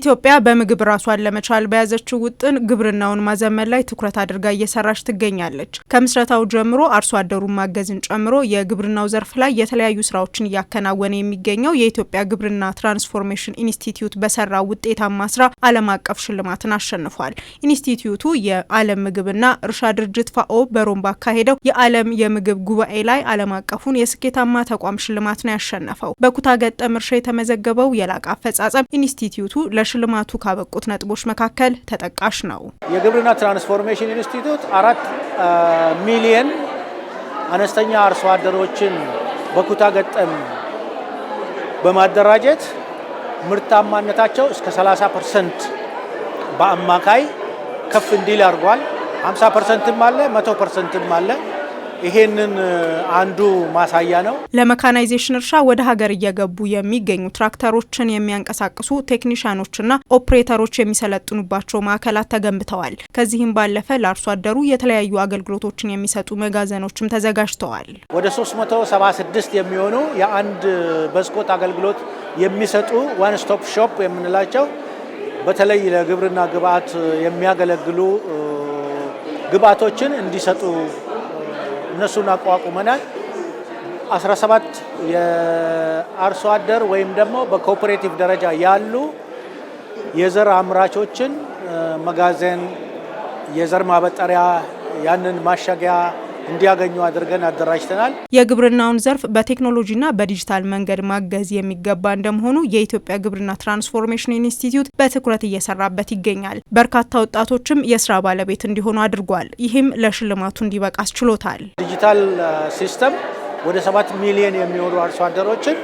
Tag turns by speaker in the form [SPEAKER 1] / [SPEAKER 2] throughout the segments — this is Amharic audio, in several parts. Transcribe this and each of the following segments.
[SPEAKER 1] ኢትዮጵያ በምግብ ራሷን ለመቻል በያዘችው ውጥን ግብርናውን ማዘመን ላይ ትኩረት አድርጋ እየሰራች ትገኛለች። ከምስረታው ጀምሮ አርሶ አደሩን ማገዝን ጨምሮ የግብርናው ዘርፍ ላይ የተለያዩ ስራዎችን እያከናወነ የሚገኘው የኢትዮጵያ ግብርና ትራንስፎርሜሽን ኢንስቲትዩት በሰራ ውጤታማ ስራ ዓለም አቀፍ ሽልማትን አሸንፏል። ኢንስቲትዩቱ የዓለም ምግብና እርሻ ድርጅት ፋኦ በሮም ባካሄደው የዓለም የምግብ ጉባኤ ላይ ዓለም አቀፉን የስኬታማ ተቋም ሽልማት ነው ያሸነፈው። በኩታ ገጠም እርሻ የተመዘገበው የላቀ አፈጻጸም ኢንስቲትዩቱ ለ ለሽልማቱ ካበቁት ነጥቦች መካከል ተጠቃሽ ነው።
[SPEAKER 2] የግብርና ትራንስፎርሜሽን ኢንስቲትዩት አራት ሚሊየን አነስተኛ አርሶ አደሮችን በኩታ ገጠም በማደራጀት ምርታማነታቸው እስከ 30 ፐርሰንት በአማካይ ከፍ እንዲል አድርጓል። 50 ፐርሰንትም አለ፣ 100 ፐርሰንትም አለ። ይሄንን አንዱ ማሳያ ነው።
[SPEAKER 1] ለመካናይዜሽን እርሻ ወደ ሀገር እየገቡ የሚገኙ ትራክተሮችን የሚያንቀሳቅሱ ቴክኒሽያኖችና ኦፕሬተሮች የሚሰለጥኑባቸው ማዕከላት ተገንብተዋል። ከዚህም ባለፈ ለአርሶ አደሩ የተለያዩ አገልግሎቶችን የሚሰጡ መጋዘኖችም ተዘጋጅተዋል።
[SPEAKER 2] ወደ 376 የሚሆኑ የአንድ በስኮት አገልግሎት የሚሰጡ ዋን ስቶፕ ሾፕ የምንላቸው በተለይ ለግብርና ግብዓት የሚያገለግሉ ግብዓቶችን እንዲሰጡ እነሱን አቋቁመናል። 17 የአርሶ አደር ወይም ደግሞ በኮኦፕሬቲቭ ደረጃ ያሉ የዘር አምራቾችን መጋዘን፣ የዘር ማበጠሪያ፣ ያንን ማሸጊያ እንዲያገኙ አድርገን አደራጅተናል።
[SPEAKER 1] የግብርናውን ዘርፍ በቴክኖሎጂና በዲጂታል መንገድ ማገዝ የሚገባ እንደመሆኑ የኢትዮጵያ ግብርና ትራንስፎርሜሽን ኢንስቲትዩት በትኩረት እየሰራበት ይገኛል። በርካታ ወጣቶችም የስራ ባለቤት እንዲሆኑ አድርጓል። ይህም ለሽልማቱ እንዲበቃ አስችሎታል።
[SPEAKER 2] ዲጂታል ሲስተም ወደ ሰባት ሚሊዮን የሚሆኑ አርሶ አደሮችን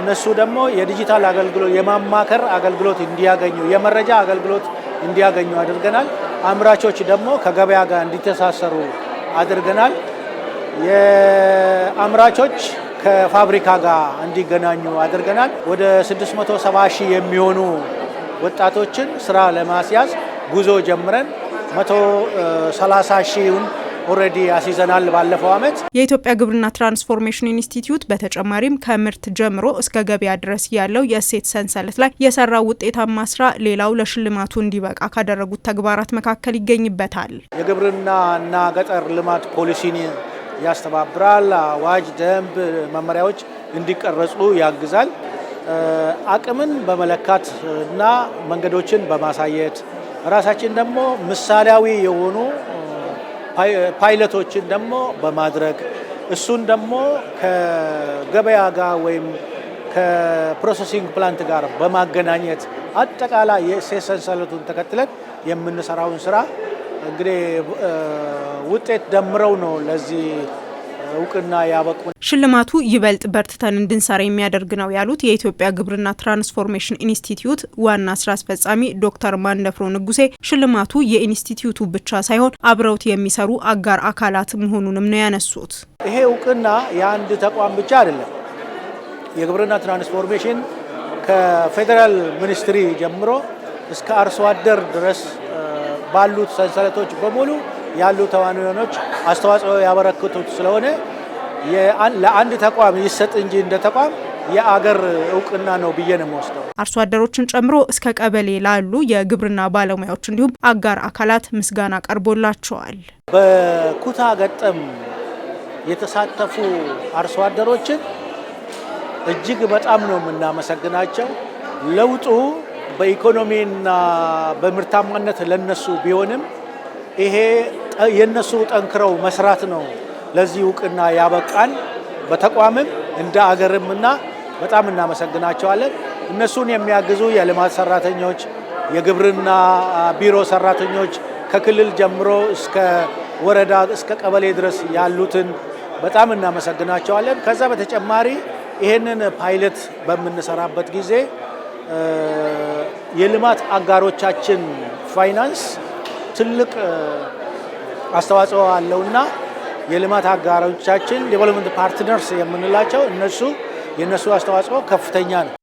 [SPEAKER 2] እነሱ ደግሞ የዲጂታል አገልግሎት የማማከር አገልግሎት እንዲያገኙ የመረጃ አገልግሎት እንዲያገኙ አድርገናል። አምራቾች ደግሞ ከገበያ ጋር እንዲተሳሰሩ አድርገናል። የአምራቾች ከፋብሪካ ጋር እንዲገናኙ አድርገናል። ወደ 670 ሺህ የሚሆኑ ወጣቶችን ስራ ለማስያዝ ጉዞ ጀምረን 130 ሺህን ኦልሬዲ ያስይዘናል ባለፈው ዓመት።
[SPEAKER 1] የኢትዮጵያ ግብርና ትራንስፎርሜሽን ኢንስቲትዩት በተጨማሪም ከምርት ጀምሮ እስከ ገበያ ድረስ ያለው የእሴት ሰንሰለት ላይ የሰራው ውጤታማ ስራ ሌላው ለሽልማቱ እንዲበቃ ካደረጉት ተግባራት መካከል ይገኝበታል።
[SPEAKER 2] የግብርናና ገጠር ልማት ፖሊሲን ያስተባብራል። አዋጅ፣ ደንብ፣ መመሪያዎች እንዲቀረጹ ያግዛል። አቅምን በመለካት እና መንገዶችን በማሳየት ራሳችን ደግሞ ምሳሌያዊ የሆኑ ፓይለቶችን ደግሞ በማድረግ እሱን ደግሞ ከገበያ ጋር ወይም ከፕሮሰሲንግ ፕላንት ጋር በማገናኘት አጠቃላይ የእሴት ሰንሰለቱን ተከትለን የምንሰራውን ስራ እንግዲህ ውጤት ደምረው ነው ለዚህ እውቅና ያበቁ።
[SPEAKER 1] ሽልማቱ ይበልጥ በርትተን እንድንሰራ የሚያደርግ ነው ያሉት የኢትዮጵያ ግብርና ትራንስፎርሜሽን ኢንስቲትዩት ዋና ስራ አስፈጻሚ ዶክተር ማንደፍሮ ንጉሴ ሽልማቱ የኢንስቲትዩቱ ብቻ ሳይሆን አብረውት የሚሰሩ አጋር አካላት መሆኑንም ነው ያነሱት።
[SPEAKER 2] ይሄ እውቅና የአንድ ተቋም ብቻ አይደለም። የግብርና ትራንስፎርሜሽን ከፌዴራል ሚኒስትሪ ጀምሮ እስከ አርሶ አደር ድረስ ባሉት ሰንሰለቶች በሙሉ ያሉ ተዋንያኖች አስተዋጽኦ ያበረክቱት ስለሆነ ለአንድ ተቋም ይሰጥ እንጂ እንደ ተቋም የአገር እውቅና ነው ብዬ ነው የምወስደው።
[SPEAKER 1] አርሶ አደሮችን ጨምሮ እስከ ቀበሌ ላሉ የግብርና ባለሙያዎች እንዲሁም አጋር አካላት ምስጋና ቀርቦላቸዋል።
[SPEAKER 2] በኩታ ገጠም የተሳተፉ አርሶ አደሮችን እጅግ በጣም ነው የምናመሰግናቸው። ለውጡ በኢኮኖሚና በምርታማነት ለነሱ ቢሆንም ይሄ የእነሱ ጠንክረው መስራት ነው ለዚህ እውቅና ያበቃን። በተቋምም እንደ አገርምና በጣም እናመሰግናቸዋለን። እነሱን የሚያግዙ የልማት ሰራተኞች፣ የግብርና ቢሮ ሰራተኞች ከክልል ጀምሮ እስከ ወረዳ እስከ ቀበሌ ድረስ ያሉትን በጣም እናመሰግናቸዋለን። ከዛ በተጨማሪ ይህንን ፓይለት በምንሰራበት ጊዜ የልማት አጋሮቻችን ፋይናንስ ትልቅ አስተዋጽኦ አለውና የልማት አጋሮቻችን ዴቨሎፕመንት ፓርትነርስ የምንላቸው እነሱ የእነሱ አስተዋጽኦ ከፍተኛ ነው።